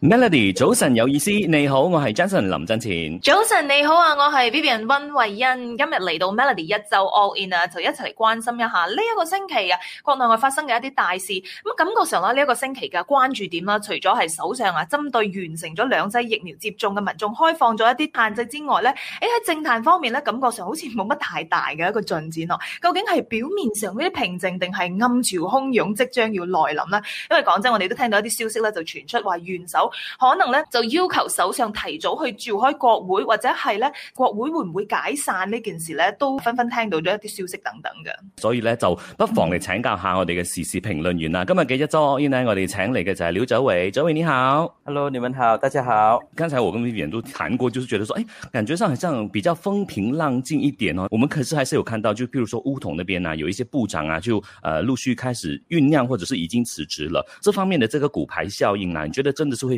Melody，早晨有意思，你好，我係 Jason 林振前。早晨你好啊，我係 Vivian 溫慧欣。今日嚟到 Melody 一周 All In 啊，就一齊嚟關心一下呢一個星期啊，國內外發生嘅一啲大事。咁感覺上咧呢一個星期嘅關注點啦、啊，除咗係首相啊，針對完成咗兩劑疫苗接種嘅民眾開放咗一啲限制之外咧，誒、欸、喺政壇方面咧，感覺上好似冇乜太大嘅一個進展咯、啊。究竟係表面上嗰啲平靜，定係暗潮洶湧即將要來臨咧？因為講真，我哋都聽到一啲消息咧，就傳出話元首。可能咧就要求首相提早去召開國會，或者係咧國會會唔會解散呢件事咧，都紛紛聽到咗一啲消息等等嘅。所以咧就不妨嚟請教下我哋嘅時事評論員啦。今日嘅一周呢，我哋請嚟嘅就係劉哲偉，哲偉你好。Hello，你們好，大家好。剛才我跟李遠都談過，就是覺得說，誒、哎，感覺上好像比較風平浪靜一點哦。我們可是還是有看到，就譬如說巫統那邊啊，有一些部長啊，就誒陸續開始醞釀，或者是已經辭職了。這方面的這個骨牌效應啊，你覺得真的是會？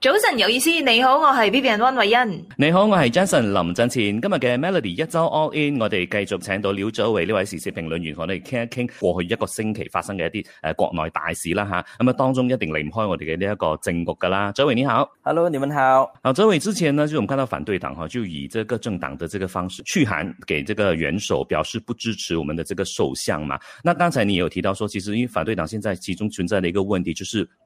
早晨有意思，你好，我係 Vivian 溫偉恩。你好，我是 Jason 林振前。今日嘅 Melody 一周 All In，我哋繼續請到廖佐偉呢位時事評論員，同我哋傾一傾過去一個星期發生嘅一啲誒國內大事啦吓。咁啊當中一定離唔開我哋嘅呢一個政局噶啦。佐偉你好，Hello 你們好。啊，佐偉之前呢就我們看到反對黨吓就以這個政黨的這個方式去函給這個元首，表示不支持我們的這個首相嘛。那剛才你有提到說，其實因為反對黨現在其中存在的一個問題就是。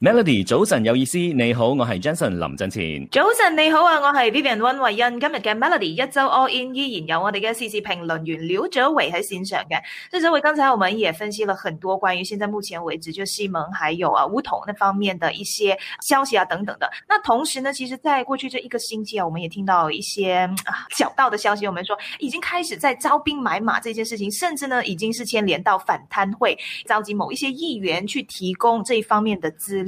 Melody，早晨有意思，你好，我是 Jason 林振前。早晨你好啊，我是 Vivian 溫慧欣。今日嘅 Melody 一周 All In 依然有我哋嘅時事評論員劉哲偉喺線上嘅。劉哲偉，所以剛才我們也分析了很多關於現在目前為止就希盟還有啊巫統那方面的一些消息啊等等的。那同時呢，其實在過去這一個星期啊，我們也聽到一些啊小道的消息，我們說已經開始在招兵買馬這件事情，甚至呢已經是牽連到反貪會召集某一些議員去提供這一方面的資料。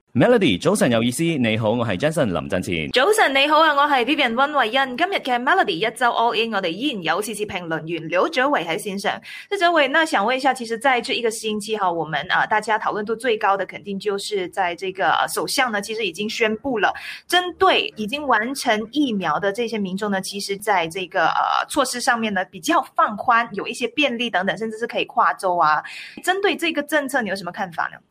Melody，早晨有意思，你好，我是 Jason 林振前。早晨你好啊，我是 Vivian 溫慧欣。今日嘅 Melody 一周 All In，我哋依然有時事評論員劉哲偉係先生。劉哲偉，那想問一下，其實在這一個星期哈，我們啊大家討論度最高的肯定就是在這個、啊、首相呢，其實已經宣布了，針對已經完成疫苗的這些民眾呢，其實在這個呃、啊、措施上面呢，比較放寬，有一些便利等等，甚至是可以跨州啊。針對這個政策，你有什麼看法呢？